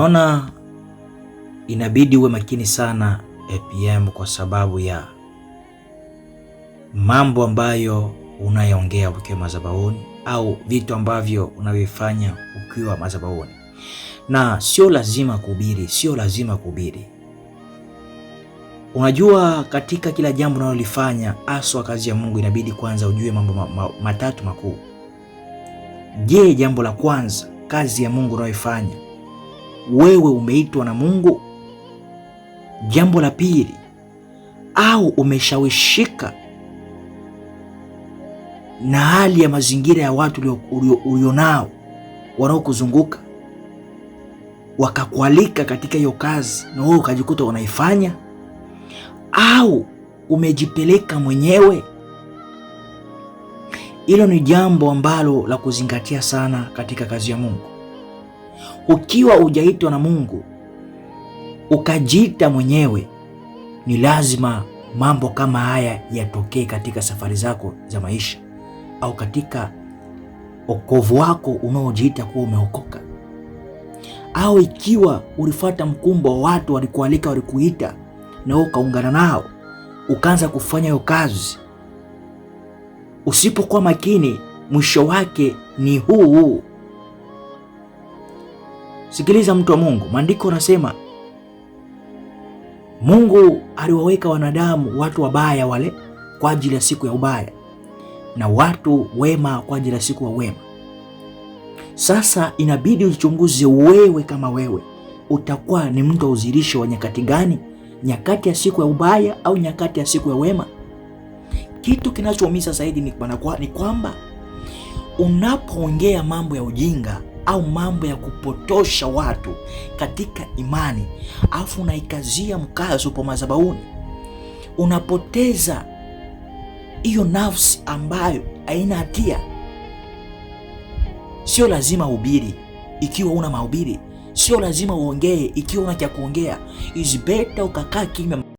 Naona inabidi uwe makini sana APM, kwa sababu ya mambo ambayo unayongea ukiwa madhabahuni au vitu ambavyo unavifanya ukiwa madhabahuni, na sio lazima kuhubiri, sio lazima kuhubiri. Unajua, katika kila jambo unalolifanya haswa kazi ya Mungu, inabidi kwanza ujue mambo ma ma matatu makuu. Je, jambo la kwanza, kazi ya Mungu unayoifanya wewe umeitwa na Mungu? Jambo la pili, au umeshawishika na hali ya mazingira ya watu ulionao wanaokuzunguka wakakualika katika hiyo kazi na wewe ukajikuta unaifanya, au umejipeleka mwenyewe? Hilo ni jambo ambalo la kuzingatia sana katika kazi ya Mungu. Ukiwa hujaitwa na Mungu ukajiita mwenyewe, ni lazima mambo kama haya yatokee katika safari zako za maisha au katika okovu wako unaojiita kuwa umeokoka. Au ikiwa ulifuata mkumbo wa watu walikualika, walikuita na wewe ukaungana nao, ukaanza kufanya hiyo kazi, usipokuwa makini, mwisho wake ni huu huu Sikiliza mtu wa Mungu, maandiko anasema Mungu aliwaweka wanadamu watu wabaya wale kwa ajili ya siku ya ubaya na watu wema kwa ajili ya siku ya wema. Sasa inabidi uchunguze wewe, kama wewe utakuwa ni mtu wa uzirisho wa nyakati gani, nyakati ya siku ya ubaya au nyakati ya siku ya wema. Kitu kinachoumiza zaidi ni kwamba unapoongea mambo ya ujinga au mambo ya kupotosha watu katika imani, afu unaikazia mkazo po madhabahuni, unapoteza hiyo nafsi ambayo haina hatia. Sio lazima uhubiri ikiwa una mahubiri, sio lazima uongee ikiwa una cha kuongea, is better ukakaa kimya.